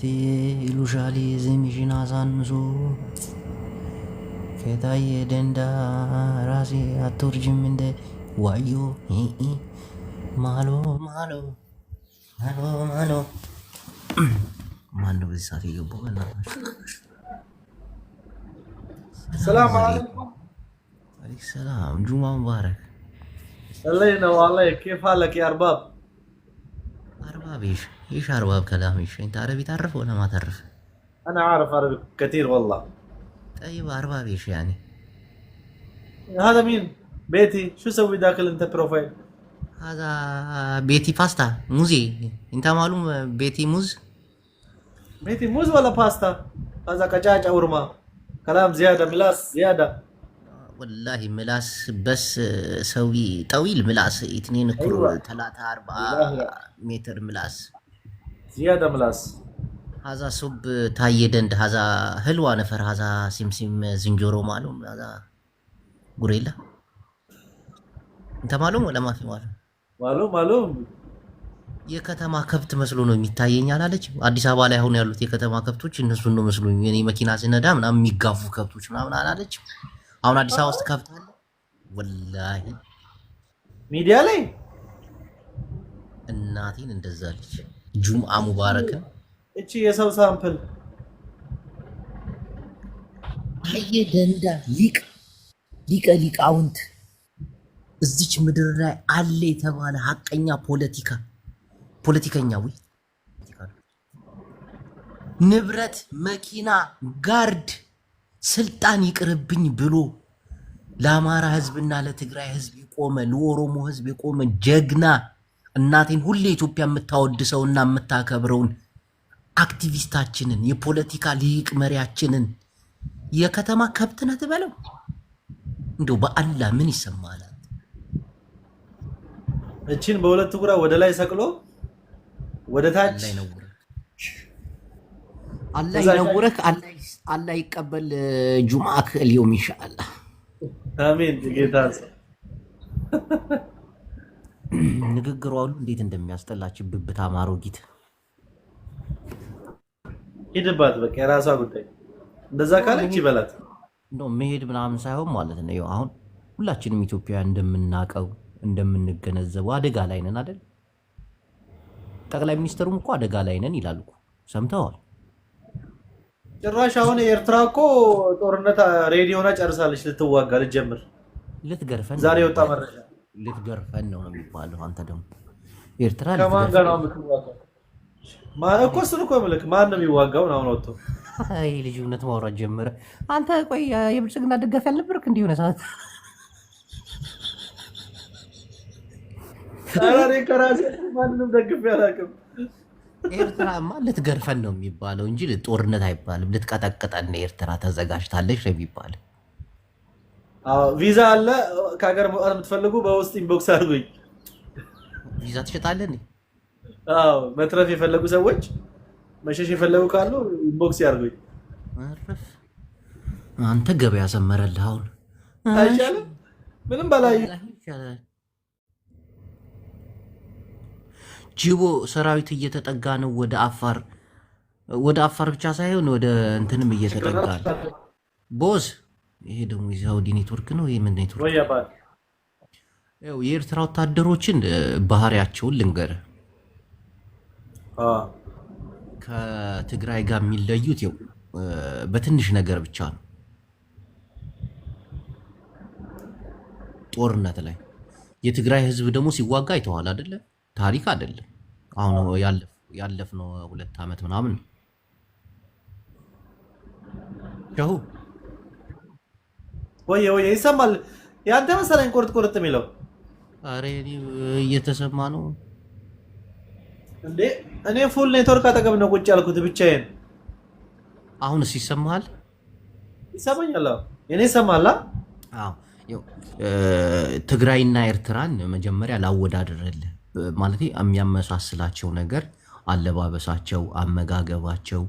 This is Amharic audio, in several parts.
ذي لجالي زمي جنازان مزو كداي دندا رازي اترجم من دي اي اي مالو مالو مالو مالو مالو بزي ساتي يبو السلام عليكم عليك السلام جمعة مبارك الله ينوى عليك كيف حالك يا أرباب أرباب ايش كلام ايش انت عربي تعرف ولا ما تعرف انا عارف عربي كثير والله طيب اروى ايش يعني هذا مين بيتي شو سوي داخل انت بروفايل هذا بيتي باستا موزي انت معلوم بيتي موز بيتي موز ولا باستا هذا كجاج اورما كلام زيادة ملاس زيادة والله ملاس بس سوي طويل ملاس اثنين أيوة. كرو ثلاثة أربعة متر ملاس ዝያደ ምላስ ሀዛ ሱብ ታየ ደንድ ሀዛ ህልዋ ነፈር ሀዛ ሲምሲም ዝንጀሮ ማሉ ሀዛ ጉሬላ እንተ ማሉም ወለማፊ ማሉ ማሉ ማሉ የከተማ ከብት መስሎ ነው የሚታየኝ አላለች። አዲስ አበባ ላይ አሁን ያሉት የከተማ ከብቶች እነሱን ነው መስሎኝ። እኔ መኪና ስነዳ ምናምን የሚጋፉ ከብቶች ምናምን አላለች። አሁን አዲስ አበባ ውስጥ ከብት አለ ወላሂ ሚዲያ ላይ እናቴን እንደዛለች። ጁምአ ሙባረክን እቺ የሰው ሳምፕል ደንዳ ሊቅ ሊቀ ሊቃውንት እዚች ምድር ላይ አለ የተባለ ሀቀኛ ፖለቲካ ወይ ንብረት፣ መኪና፣ ጋርድ፣ ስልጣን ይቅርብኝ ብሎ ለአማራ ህዝብና ለትግራይ ህዝብ የቆመ ለኦሮሞ ህዝብ የቆመ ጀግና እናቴን ሁሌ ኢትዮጵያ የምታወድሰውና የምታከብረውን አክቲቪስታችንን የፖለቲካ ሊቅ መሪያችንን የከተማ ከብት ነህ ትበለው? እንደው በአላህ ምን ይሰማል? እቺን በሁለት ጉራ ወደ ላይ ሰቅሎ ወደ ታች አላህ ይነውረክ፣ አላህ ይቀበል። ጁማአክ ሊዮም ኢንሻአላህ። አሜን ጌታ ንግግሯ ሁሉ እንዴት እንደሚያስጠላችሁ ብብት አማሮ ጊት ሂድባት። በቃ የራሷ ጉዳይ። እንደዛ ካለች ይበላት። መሄድ ምናምን ሳይሆን ማለት ነው። አሁን ሁላችንም ኢትዮጵያ እንደምናቀው እንደምንገነዘበው አደጋ ላይ ነን አይደል? ጠቅላይ ሚኒስትሩም እኮ አደጋ ላይ ነን ይላል እኮ ሰምተዋል። ጭራሽ አሁን የኤርትራ እኮ ጦርነት ሬዲዮና ጨርሳለች። ልትዋጋ ልትጀምር፣ ልትገርፈን ዛሬ ወጣ መረጃ ልትገርፈን ነው የሚባለው። አንተ ደግሞ ኤርትራ እኮ እሱን እኮ ማን ነው የሚዋጋው? አሁን ወጥቶ ይህ ልጅነት ማውራት ጀመረ። አንተ ቆይ የብልጽግና ደጋፊ አልነበርክ? እንዲህ ሆነ ሰዓት ከራሴ ማንንም ደግፌ አላውቅም። ኤርትራማ ልትገርፈን ነው የሚባለው እንጂ ጦርነት አይባልም። ልትቀጠቅጠን ኤርትራ ተዘጋጅታለች ነው የሚባለው። ቪዛ አለ ከሀገር መውጣት የምትፈልጉ በውስጥ ኢንቦክስ አድርጉኝ። ቪዛ ትሸጣለን። አዎ፣ መትረፍ የፈለጉ ሰዎች መሸሽ የፈለጉ ካሉ ኢንቦክስ ያድርጉኝ። አንተ ገበያ ሰመረልህ። አሁን አይቻልም፣ ምንም በላይ ጅቦ ሰራዊት እየተጠጋ ነው ወደ አፋር። ወደ አፋር ብቻ ሳይሆን ወደ እንትንም እየተጠጋ ነው ቦዝ ይሄ ደግሞ የሳውዲ ኔትወርክ ነው። ይህ ምን ኔትወርክ? ያው የኤርትራ ወታደሮችን ባህሪያቸውን ልንገር። ከትግራይ ጋር የሚለዩት ያው በትንሽ ነገር ብቻ ነው፣ ጦርነት ላይ። የትግራይ ህዝብ ደግሞ ሲዋጋ አይተዋል አይደለ? ታሪክ አይደለም አሁን ያለፍነው ሁለት ዓመት ምናምን ነው ወይ ወይ ይሰማል። ያንተ መሰለኝ ቁርጥ ቁርጥ የሚለው። አረ እየተሰማ ነው እንዴ? እኔ ፉል ኔትወርክ አጠገብ ነው ቁጭ ያልኩት ብቻዬን። አሁንስ ይሰማል? ይሰማኛል። እኔ ይሰማል። አዎ ትግራይና ኤርትራን መጀመሪያ ላወዳድርልህ ማለት የሚያመሳስላቸው ነገር አለባበሳቸው፣ አመጋገባቸው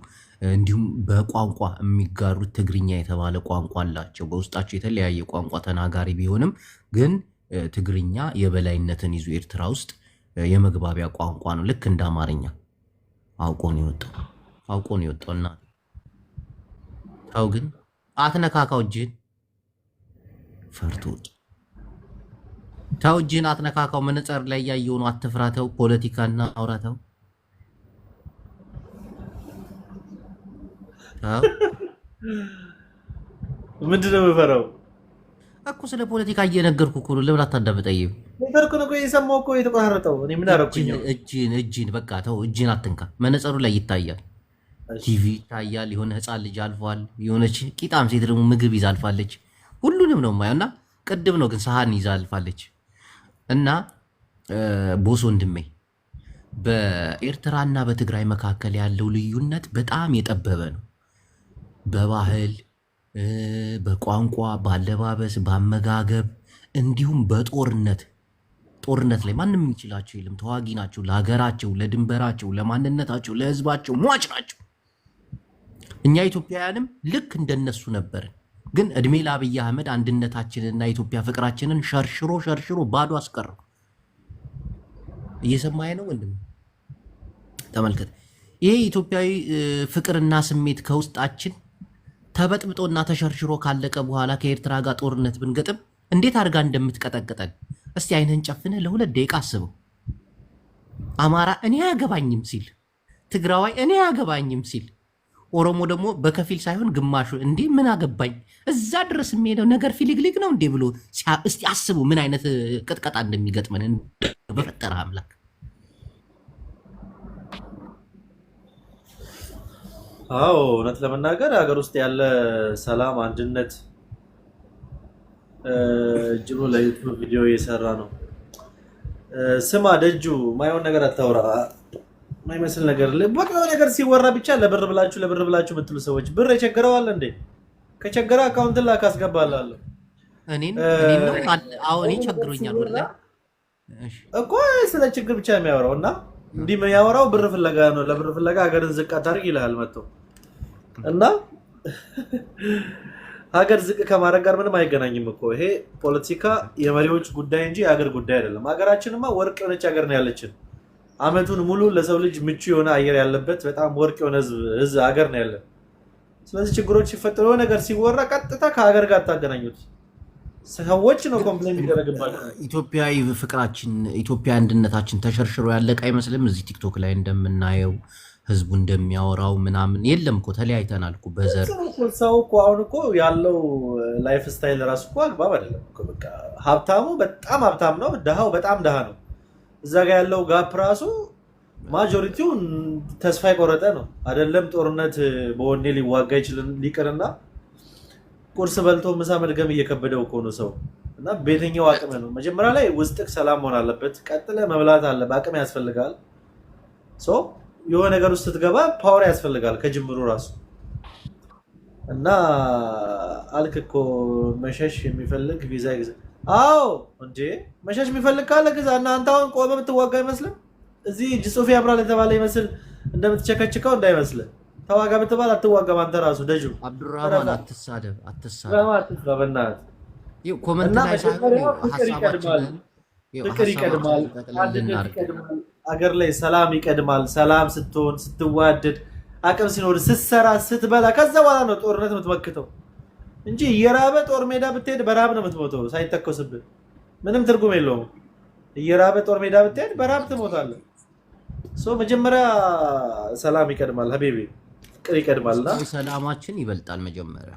እንዲሁም በቋንቋ የሚጋሩት ትግርኛ የተባለ ቋንቋ አላቸው። በውስጣቸው የተለያየ ቋንቋ ተናጋሪ ቢሆንም ግን ትግርኛ የበላይነትን ይዞ ኤርትራ ውስጥ የመግባቢያ ቋንቋ ነው። ልክ እንደ አማርኛ አውቆ ነው የወጣው አውቆ ነው የወጣው። እና ተው ግን አትነካካው እጅን ፈርቶ ተው እጅን አትነካካው። መነጽር ላይ እያየሁ ነው። አትፍራተው ፖለቲካና አውራተው ምንድን ነው የምፈራው እኮ? ስለ ፖለቲካ እየነገርኩ እኮ ነው። ለምን አታዳምጠኝም? ነገርኩህ እኮ የሰማሁ እኮ የተቆራረጠው እኔ ምን አደረኩኝ? እጅን እጅን በቃ ተው፣ እጅን አትንካ። መነጽሩ ላይ ይታያል፣ ቲቪ ይታያል። የሆነ ህፃን ልጅ አልፏል። የሆነች ቂጣም ሴት ደግሞ ምግብ ይዛ አልፋለች። ሁሉንም ነው የማየው እና ቅድም ነው ግን ሰሃን ይዛ አልፋለች እና ቦስ ወንድሜ በኤርትራና በትግራይ መካከል ያለው ልዩነት በጣም የጠበበ ነው። በባህል በቋንቋ በአለባበስ በአመጋገብ እንዲሁም በጦርነት ጦርነት ላይ ማንም የሚችላቸው የለም። ተዋጊ ናቸው። ለሀገራቸው፣ ለድንበራቸው፣ ለማንነታቸው፣ ለህዝባቸው ሟች ናቸው። እኛ ኢትዮጵያውያንም ልክ እንደነሱ ነበርን። ግን እድሜ ለአብይ አህመድ አንድነታችንንና የኢትዮጵያ ፍቅራችንን ሸርሽሮ ሸርሽሮ ባዶ አስቀረው። እየሰማኸኝ ነው ወንድም? ተመልከት። ይሄ ኢትዮጵያዊ ፍቅርና ስሜት ከውስጣችን ተበጥብጦና ተሸርሽሮ ካለቀ በኋላ ከኤርትራ ጋር ጦርነት ብንገጥም እንዴት አድርጋ እንደምትቀጠቅጠን እስቲ አይንህን ጨፍነህ ለሁለት ደቂቃ አስበው። አማራ እኔ አያገባኝም ሲል፣ ትግራዋይ እኔ አያገባኝም ሲል፣ ኦሮሞ ደግሞ በከፊል ሳይሆን ግማሹ እንዴ ምን አገባኝ እዛ ድረስ የሚሄደው ነገር ፊሊግሊግ ነው እንዴ ብሎ እስቲ አስቡ ምን አይነት ቅጥቀጣ እንደሚገጥመን በፈጠረ አምላክ አዎ እውነት ለመናገር ሀገር ውስጥ ያለ ሰላም፣ አንድነት ጅሎ ለዩቱብ ቪዲዮ እየሰራ ነው። ስማ ደጁ ማይሆን ነገር አታውራ፣ ማይመስል ነገር በቃ ነገር ሲወራ ብቻ ለብር ብላችሁ ለብር ብላችሁ የምትሉ ሰዎች ብር የቸገረዋል እንዴ? ከቸገረ አካውንት ላክ አስገባላለሁ። እኔ ቸግሮኛል እኮ ስለ ችግር ብቻ የሚያወራው እና እንዲህ የሚያወራው ብር ፍለጋ ነው። ለብር ፍለጋ ሀገርን ዝቅ አታርግ ይልሃል መጥቶ እና ሀገር ዝቅ ከማድረግ ጋር ምንም አይገናኝም እኮ ይሄ ፖለቲካ የመሪዎች ጉዳይ እንጂ የሀገር ጉዳይ አይደለም። ሀገራችንማ ወርቅ የሆነች ሀገር ነው ያለችን። አመቱን ሙሉ ለሰው ልጅ ምቹ የሆነ አየር ያለበት በጣም ወርቅ የሆነ ህዝብ ሀገር ነው ያለን። ስለዚህ ችግሮች ሲፈጠሩ ነገር ሲወራ ቀጥታ ከሀገር ጋር ታገናኙት። ሰዎች ነው ኮምፕሌን የሚደረግባቸው። ኢትዮጵያዊ ፍቅራችን፣ ኢትዮጵያ አንድነታችን ተሸርሽሮ ያለቀ አይመስልም። እዚህ ቲክቶክ ላይ እንደምናየው ህዝቡ እንደሚያወራው ምናምን የለም እኮ ተለያይተናል እኮ በዘር ሰው እኮ አሁን እኮ ያለው ላይፍ ስታይል ራሱ እኮ አግባብ አይደለም። ሀብታሙ በጣም ሀብታም ነው፣ ድሃው በጣም ድሃ ነው። እዛ ጋ ያለው ጋፕ ራሱ ማጆሪቲው ተስፋ የቆረጠ ነው። አይደለም ጦርነት በወኔ ሊዋጋ ይችልን ሊቅርና ቁርስ በልቶ ምሳ መድገም እየከበደው ከሆኑ ሰው እና በየትኛው አቅም ነው? መጀመሪያ ላይ ውስጥህ ሰላም መሆን አለበት። ቀጥለ መብላት አለ በአቅም ያስፈልጋል። የሆነ ነገር ውስጥ ስትገባ ፓወር ያስፈልጋል ከጅምሩ ራሱ እና አልክ እኮ መሸሽ የሚፈልግ ቪዛ ግዛ። አዎ እንዴ መሸሽ የሚፈልግ ካለ ግዛ። እና አንተ አሁን ቆመ የምትዋጋ አይመስልም። እዚህ እጅ ያምራል የተባለ ይመስል እንደምትቸከችከው እንዳይመስልህ ተዋጋ ብትባል አትዋጋም። አንተ ራሱ ደጁ አብዱራህማን አትሳደብ፣ አትሳደብ፣ ኮመንት ላይ አገር ላይ ሰላም ይቀድማል። ሰላም ስትሆን ስትዋደድ፣ አቅም ሲኖር፣ ስትሰራ፣ ስትበላ ከዛ በኋላ ነው ጦርነት የምትመክተው እንጂ እየራበ ጦር ሜዳ ብትሄድ በራብ ነው የምትሞተው። ሳይተኮስብህ ምንም ትርጉም የለውም። እየራበ ጦር ሜዳ ብትሄድ በራብ ትሞታለህ። መጀመሪያ ሰላም ይቀድማል ሀቢቤ። ፍቅር ይቀድማልና ሰላማችን ይበልጣል። መጀመሪያ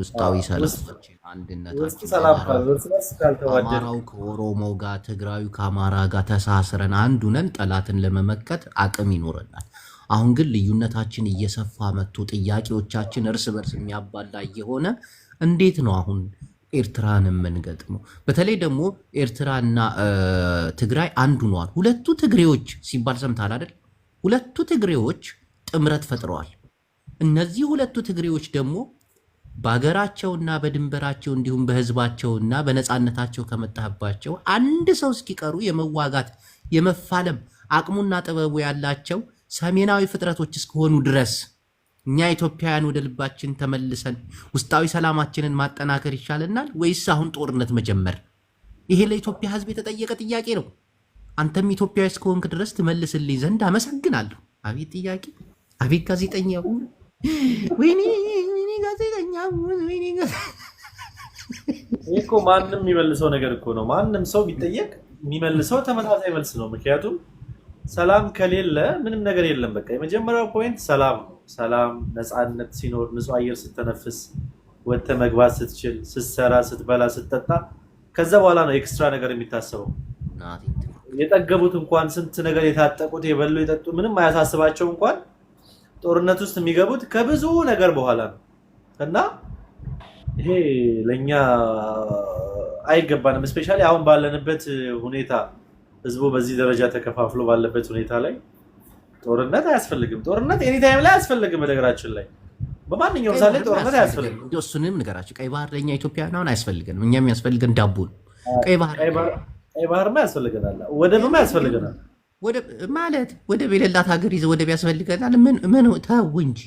ውስጣዊ ሰላማችን፣ አንድነታችን፣ ከኦሮሞው ከኦሮሞ ጋር፣ ትግራዩ ከአማራ ጋር ተሳስረን አንድ ሁነን ጠላትን ለመመከት አቅም ይኖረናል። አሁን ግን ልዩነታችን እየሰፋ መጥቶ ጥያቄዎቻችን እርስ በርስ የሚያባላ እየሆነ እንዴት ነው አሁን ኤርትራን የምንገጥመው? በተለይ ደግሞ ኤርትራና ትግራይ አንዱ ነዋል። ሁለቱ ትግሬዎች ሲባል ሰምታል አይደል? ሁለቱ ትግሬዎች ጥምረት ፈጥረዋል። እነዚህ ሁለቱ ትግሬዎች ደግሞ በሀገራቸውና በድንበራቸው እንዲሁም በህዝባቸውና በነፃነታቸው ከመጣባቸው አንድ ሰው እስኪቀሩ የመዋጋት የመፋለም አቅሙና ጥበቡ ያላቸው ሰሜናዊ ፍጥረቶች እስከሆኑ ድረስ እኛ ኢትዮጵያውያን ወደ ልባችን ተመልሰን ውስጣዊ ሰላማችንን ማጠናከር ይሻለናል ወይስ አሁን ጦርነት መጀመር? ይሄ ለኢትዮጵያ ህዝብ የተጠየቀ ጥያቄ ነው። አንተም ኢትዮጵያዊ እስከሆንክ ድረስ ትመልስልኝ ዘንድ አመሰግናለሁ። አቤት ጥያቄ! አቤት ጋዜጠኛው! ወይኔ ጋዜጠኛ ወይኔ እኮ ማንም የሚመልሰው ነገር እኮ ነው። ማንም ሰው ቢጠየቅ የሚመልሰው ተመሳሳይ መልስ ነው። ምክንያቱም ሰላም ከሌለ ምንም ነገር የለም። በቃ የመጀመሪያው ፖይንት ሰላም ነው። ሰላም ነፃነት ሲኖር፣ ንጹህ አየር ስተነፍስ፣ ወጥተህ መግባት ስትችል፣ ስትሰራ፣ ስትበላ፣ ስትጠጣ ከዛ በኋላ ነው ኤክስትራ ነገር የሚታሰበው። የጠገቡት እንኳን ስንት ነገር የታጠቁት የበሉ የጠጡ ምንም አያሳስባቸው እንኳን ጦርነት ውስጥ የሚገቡት ከብዙ ነገር በኋላ ነው እና ይሄ ለእኛ አይገባንም። እስፔሻሊ አሁን ባለንበት ሁኔታ ህዝቡ በዚህ ደረጃ ተከፋፍሎ ባለበት ሁኔታ ላይ ጦርነት አያስፈልግም። ጦርነት ኤኒታይም ላይ አያስፈልግም። በነገራችን ላይ በማንኛውም ሳ ላይ ጦርነት አያስፈልግም። እንደው እሱንም ንገራቸው። ቀይ ባህር ለእኛ ኢትዮጵያውያን አሁን አያስፈልገንም። እኛ የሚያስፈልገን ዳቦ ነው። ቀይ ባህር ቀይ ባህርማ ያስፈልገናል፣ ወደብማ ያስፈልገናል። ማለት ወደብ የሌላት ሀገር ይዘ ወደብ ያስፈልገናል። ምን ተው እንጂ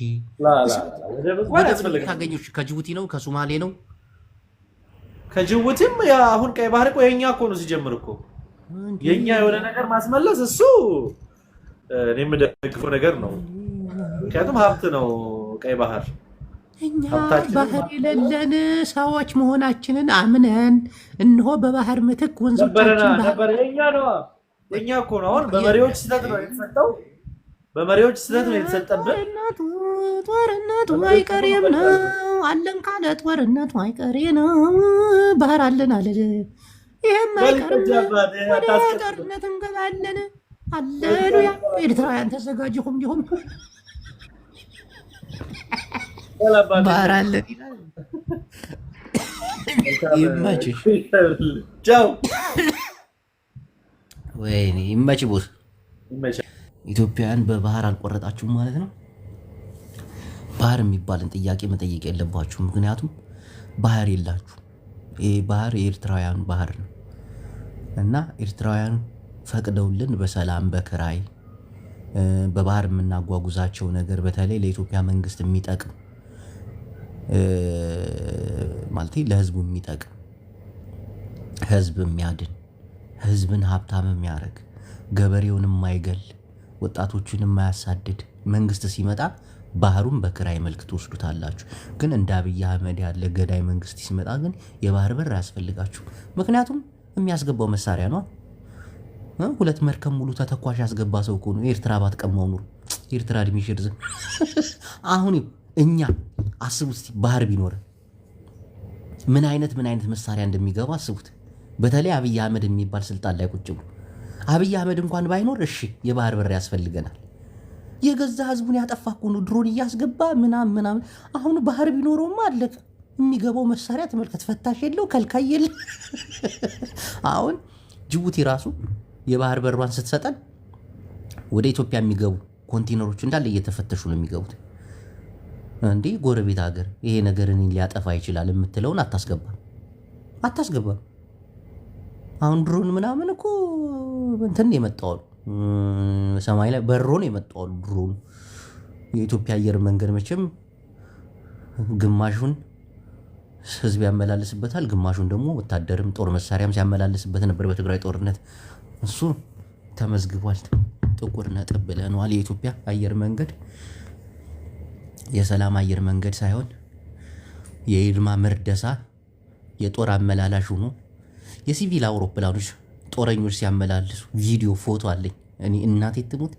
ታገኘ ከጅቡቲ ነው ከሶማሌ ነው ከጅቡቲም አሁን ቀይ ባህር እኮ የኛ እኮ ነው ሲጀምር እኮ የኛ የሆነ ነገር ማስመለስ እሱ እኔ የምደግፈው ነገር ነው። ምክንያቱም ሀብት ነው ቀይ ባህር። እኛ ባህር የሌለን ሰዎች መሆናችንን አምነን እንሆ በባህር ምትክ ወንዞቻችን ባህር እኛ እኮ ነው አሁን በመሪዎች ስህተት ነው የተሰጠው። በመሪዎች ስህተት ነው የተሰጠብን። ጦርነቱ አይቀሬም ነው አለን ካለ ጦርነቱ አይቀሬ ነው። ባህር አለን አለ ይህም አይቀርም ወደ ጦርነት እንገባለን። አሌሉያ። ኤርትራውያን ተዘጋጅ። ሊሆን ባህር አለን ይላል። ይመችሽ። ቻው ወይኔ ይመች ኢትዮጵያውያን በባህር አልቆረጣችሁም ማለት ነው። ባህር የሚባልን ጥያቄ መጠየቅ የለባችሁ። ምክንያቱም ባህር የላችሁ። ይህ ባህር የኤርትራውያኑ ባህር ነው እና ኤርትራውያኑ ፈቅደውልን በሰላም በክራይ በባህር የምናጓጉዛቸው ነገር በተለይ ለኢትዮጵያ መንግስት የሚጠቅም ማለት ለህዝቡ የሚጠቅም ህዝብ የሚያድን ህዝብን ሀብታም የሚያደርግ ገበሬውን የማይገል ወጣቶችን የማያሳድድ መንግስት ሲመጣ ባህሩን በክራይ መልክ ትወስዱታላችሁ። ግን እንደ አብይ አህመድ ያለ ገዳይ መንግስት ሲመጣ ግን የባህር በር አያስፈልጋችሁ። ምክንያቱም የሚያስገባው መሳሪያ ነው። ሁለት መርከብ ሙሉ ተተኳሽ ያስገባ ሰው ከሆኑ ኤርትራ ባትቀማው ኑሮ ኤርትራ እድሜ ሽርዝም። አሁን እኛ አስቡት፣ ባህር ቢኖረ ምን አይነት ምን አይነት መሳሪያ እንደሚገባ አስቡት። በተለይ አብይ አህመድ የሚባል ስልጣን ላይ ቁጭ ብሎ አብይ አህመድ እንኳን ባይኖር እሺ የባህር በር ያስፈልገናል። የገዛ ህዝቡን ያጠፋ እኮ ነው ድሮን እያስገባ ምናም ምናምን። አሁን ባህር ቢኖረውማ አለቀ። የሚገባው መሳሪያ ተመልከት፣ ፈታሽ የለው ከልካይ የለ። አሁን ጅቡቲ ራሱ የባህር በሯን ስትሰጠን ወደ ኢትዮጵያ የሚገቡ ኮንቴነሮች እንዳለ እየተፈተሹ ነው የሚገቡት። እንዲህ ጎረቤት ሀገር ይሄ ነገር እኔን ሊያጠፋ ይችላል የምትለውን አታስገባም አታስገባም። አሁን ድሮን ምናምን እኮ እንትን የመጣው ሰማይ ላይ በሮን የመጣው ድሮን የኢትዮጵያ አየር መንገድ መቼም ግማሹን ህዝብ ያመላልስበታል፣ ግማሹን ደግሞ ወታደርም ጦር መሳሪያም ሲያመላልስበት ነበር በትግራይ ጦርነት። እሱ ተመዝግቧል፣ ጥቁር ነጥብ ብለነዋል። የኢትዮጵያ አየር መንገድ የሰላም አየር መንገድ ሳይሆን የይልማ መርደሳ የጦር አመላላሽ ሆኖ የሲቪል አውሮፕላኖች ጦረኞች ሲያመላልሱ ቪዲዮ ፎቶ አለኝ። እኔ እናቴ ትሙት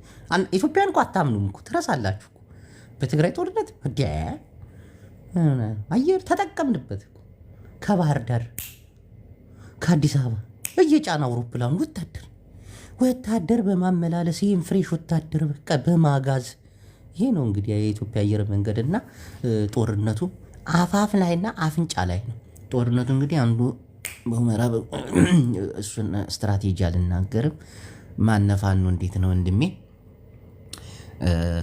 ኢትዮጵያን እኮ አታምኑም እኮ ትረሳላችሁ። በትግራይ ጦርነት አየር ተጠቀምንበት ከባህር ዳር ከአዲስ አበባ እየጫን አውሮፕላኑ ወታደር ወታደር በማመላለስ ይህም ፍሬሽ ወታደር በቃ በማጋዝ ይሄ ነው እንግዲህ የኢትዮጵያ አየር መንገድና ጦርነቱ አፋፍ ላይና አፍንጫ ላይ ነው ጦርነቱ እንግዲህ አንዱ በምዕራብ እሱን ስትራቴጂ አልናገርም። ማነፋን ነው እንዴት ነው ወንድሜ?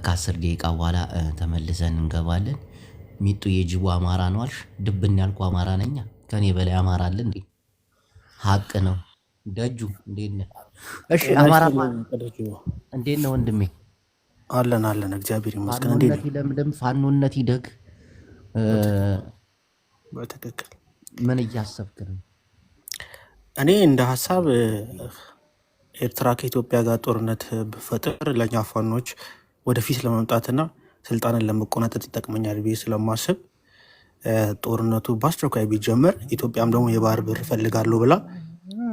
ከአስር ደቂቃ በኋላ ተመልሰን እንገባለን። ሚጡ የጅቡ አማራ ነው አልሽ። ድብን ያልኩ አማራ ነኛ። ከኔ በላይ አማራ አለ እንዴ? ሀቅ ነው። ደጁ እንዴት ነህ? እሺ አማራ እንዴት ነው ወንድሜ? አለን አለን፣ እግዚአብሔር ይመስገን። እንዴት ለምለም ፋኖነት ይደግ። በትክክል ምን እያሰብክ ነው? እኔ እንደ ሀሳብ ኤርትራ ከኢትዮጵያ ጋር ጦርነት ብፈጥር ለእኛ ፋኖች ወደፊት ለመምጣትና ስልጣንን ለመቆናጠጥ ይጠቅመኛል ብዬ ስለማስብ ጦርነቱ በአስቸኳይ ቢጀመር ኢትዮጵያም ደግሞ የባህር ብር እፈልጋለሁ ብላ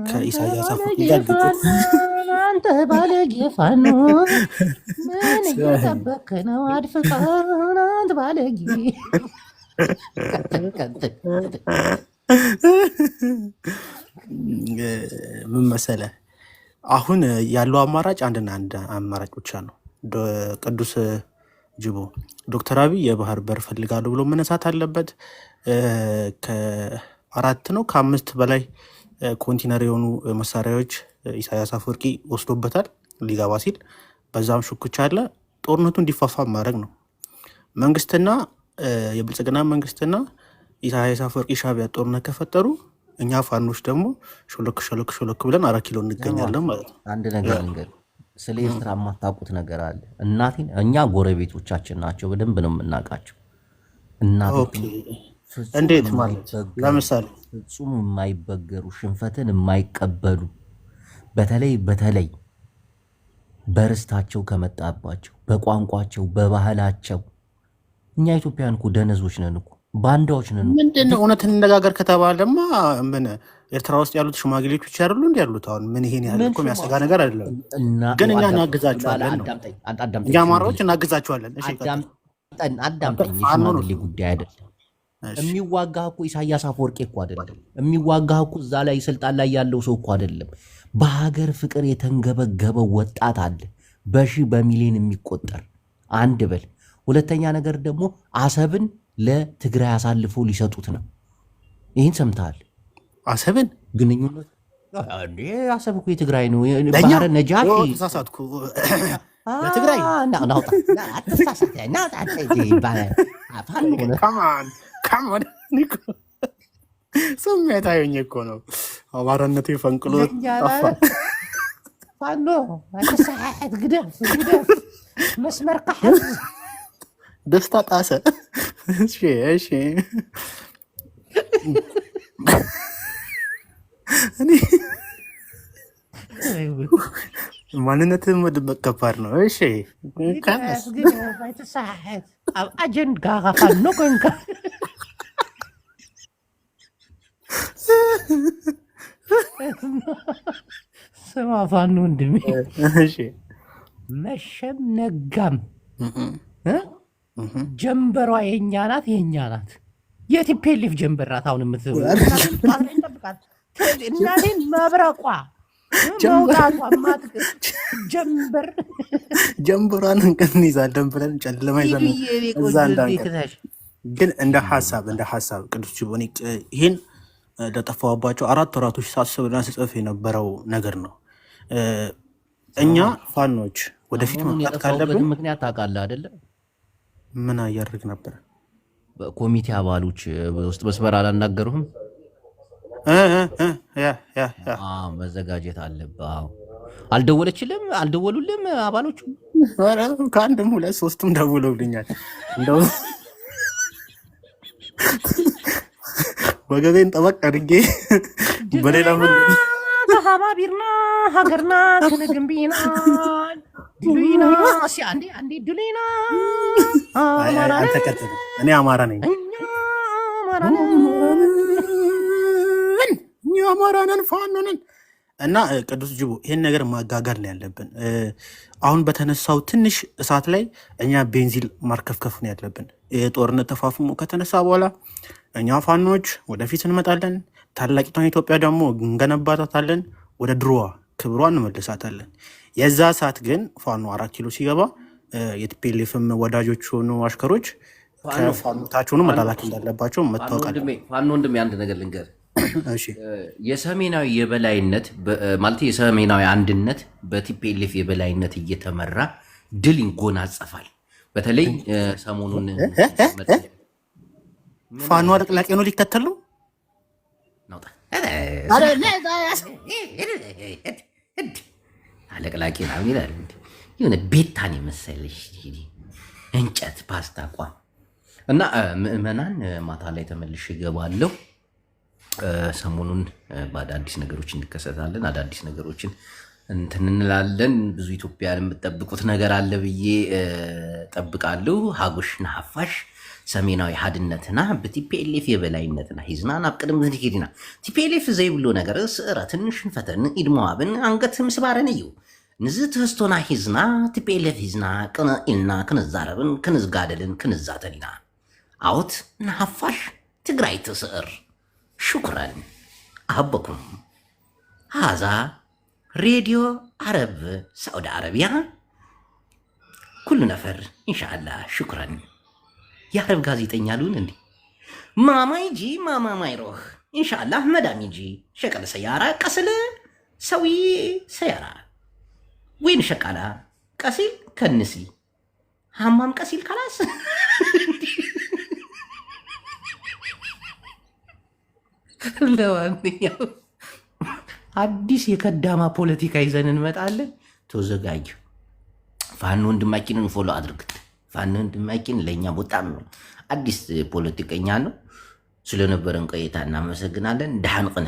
ከኢሳያስ አፈወርቂ ጋር አንተ ባለጌ ፋኖ ምን እየጠበክ ነው? አድፍቀን አንተ ባለጌ ምን መሰለ አሁን ያለው አማራጭ አንድና አንድ አማራጭ ብቻ ነው። ቅዱስ ጅቦ ዶክተር አብይ የባህር በር ፈልጋሉ ብሎ መነሳት አለበት። ከአራት ነው ከአምስት በላይ ኮንቲነር የሆኑ መሳሪያዎች ኢሳያስ አፈወርቂ ወስዶበታል ሊጋባ ሲል፣ በዛም ሹክቻ አለ። ጦርነቱ እንዲፋፋ ማድረግ ነው። መንግስትና የብልጽግና መንግስትና ኢሳያስ አፈወርቂ ሻቢያ ጦርነት ከፈጠሩ እኛ ፋኖች ደግሞ ሾለክ ሾለክ ሾለክ ብለን አራት ኪሎ እንገኛለን ማለት ነው። አንድ ነገር እንግዲህ ስለ ኤርትራ የማታውቁት ነገር አለ። እናቴን እኛ ጎረቤቶቻችን ናቸው፣ በደንብ ነው የምናውቃቸው። እንዴት ማለት ለምሳሌ ፍጹም የማይበገሩ ሽንፈትን የማይቀበሉ በተለይ በተለይ በርስታቸው ከመጣባቸው በቋንቋቸው፣ በባህላቸው እኛ ኢትዮጵያን እኮ ደነዞች ነን እኮ ባንዳዎች ነን። ምንድን ነው እውነት እንነጋገር ከተባለማ ምን ኤርትራ ውስጥ ያሉት ሽማግሌዎች ብቻ አይደሉ እንዲ ያሉት። አሁን ምን ይሄን ያህል እኮ የሚያሰጋ ነገር አይደለም። ግን እኛ እናግዛቸዋለን፣ እኛ አማራዎች እናግዛቸዋለን። አዳምጠኝ። የሽማግሌ ጉዳይ አይደለም። የሚዋጋ እኮ ኢሳያስ አፈወርቄ እኮ አይደለም። የሚዋጋ እኮ እዛ ላይ ስልጣን ላይ ያለው ሰው እኮ አይደለም። በሀገር ፍቅር የተንገበገበ ወጣት አለ፣ በሺህ በሚሊዮን የሚቆጠር አንድ በል። ሁለተኛ ነገር ደግሞ አሰብን ለትግራይ አሳልፎ ሊሰጡት ነው። ይህን ሰምተሃል? አሰብን ግንኙነት አሰብ እኮ የትግራይ ነው። ባህረ ነጃሽ ተሳሳትኩ። ስሜት አየኝ እኮ ነው አማራነቴ ፈንቅሎ ፋኖ ግደፍ መስመር ደስታ ጣሰ እሺ እኔ ማንነትህን መደበቅ ከባድ ነው። እሺ አጀንዳ ስማ ፋኖ ወንድሜ መሸም ነጋም ጀንበሯ የኛ ናት፣ የኛ ናት። የቲፔሊፍ ጀንበር ናት። አሁን የምትዘሩ እናቴን መብረቋ ጀንበር ጀንበሯን እንቀንይዛለን ብለን ጨለማ ይዘን እዛ ግን እንደ ሀሳብ እንደ ሀሳብ ቅዱስ ጅቦኒ ይህን ለጠፋባቸው አራት ወራቶች ሳስብና ስጽፍ የነበረው ነገር ነው። እኛ ፋኖች ወደፊት መምጣት ካለብን ምክንያት ታውቃለህ አይደለም ምን አያደርግ ነበር? በኮሚቴ አባሎች ውስጥ መስመር አላናገሩህም? መዘጋጀት አለብህ። አልደወለችልም? አልደወሉልም? አባሎቹ ከአንድም ሁለት ሶስትም ደውለውልኛል። እንደው ወገቤን ጠበቅ አድርጌ በሌላ ሀባቢርና ሀገርና ትንግንቢና ድሉና እኔ አማራ ነኝ። እኛ አማራ ነን ፋኖ ነን። እና ቅዱስ ጅቦ ይህን ነገር ማጋጋል ነው ያለብን። አሁን በተነሳው ትንሽ እሳት ላይ እኛ ቤንዚል ማርከፍከፍ ነው ያለብን። የጦርነት ተፋፍሞ ከተነሳ በኋላ እኛ ፋኖች ወደፊት እንመጣለን። ታላቂቷን ኢትዮጵያ ደግሞ እንገነባታታለን። ወደ ድሮዋ ክብሯ እንመልሳታለን። የዛ ሰዓት ግን ፋኖ አራት ኪሎ ሲገባ የትፔሌፍም ወዳጆች ሆኑ አሽከሮች ከፋኖ ታች መላላክ እንዳለባቸው መታወቃል። ፋኖ ወንድሜ አንድ ነገር ልንገር፣ የሰሜናዊ የበላይነት ማለት የሰሜናዊ አንድነት በቲፔሌፍ የበላይነት እየተመራ ድል ይጎናጸፋል። በተለይ ሰሞኑን ፋኖ አለቅላቄ ነው ሊከተል ነው አለቅላቂ ምናምን ይላል። የሆነ ቤታን የመሰለሽ እንጨት ፓስታ ቋም እና ምዕመናን፣ ማታ ላይ ተመልሽ እገባለሁ። ሰሞኑን በአዳዲስ ነገሮች እንከሰታለን። አዳዲስ ነገሮችን እንትን እንላለን። ብዙ ኢትዮጵያን የምጠብቁት ነገር አለ ብዬ ጠብቃለሁ። ሀጎሽ ሀፋሽ። ሰሜናዊ ሓድነትና ብቲፒኤልኤፍ የበላይነትና ሒዝና ናብ ቅድም ክንከይድ ኢና ቲፒኤልኤፍ ዘይብሉ ነገር ስእረትን ሽንፈትን ኢድመዋብን አንገት ምስባርን እዩ ንዚ ትህዝቶና ሒዝና ቲፒኤልኤፍ ሒዝና ቅን ኢልና ክንዛረብን ክንዝጋደልን ክንዛተን ኢና ኣውት ንሓፋሽ ትግራይ ትስእር ሽኩረን ኣሃበኩም ሃዛ ሬድዮ ዓረብ ሳዑዲ ዓረብያ ኩሉ ነፈር ኢንሻ አላ ሽኩረን የአረብ ጋዜጠኛ ልሁን እንዴ? ማማ ይጂ ማማ ማይሮህ ኢንሻአላህ መዳም ይጂ ሸቀለ ሰያራ ቀስል ሰዊ ሰያራ ወይን ሸቃላ ቀሲል ከንሲ ሀማም ቀሲል ከላስ ለማንኛው አዲስ የከዳማ ፖለቲካ ይዘን እንመጣለን። ተዘጋጁ። ፋኖ ወንድማችንን ፎሎ አድርግት። ፋኖ ወንድማችን ለእኛ በጣም አዲስ ፖለቲከኛ ነው። ስለነበረን ቆይታ እናመሰግናለን። ደህና ሁኑ።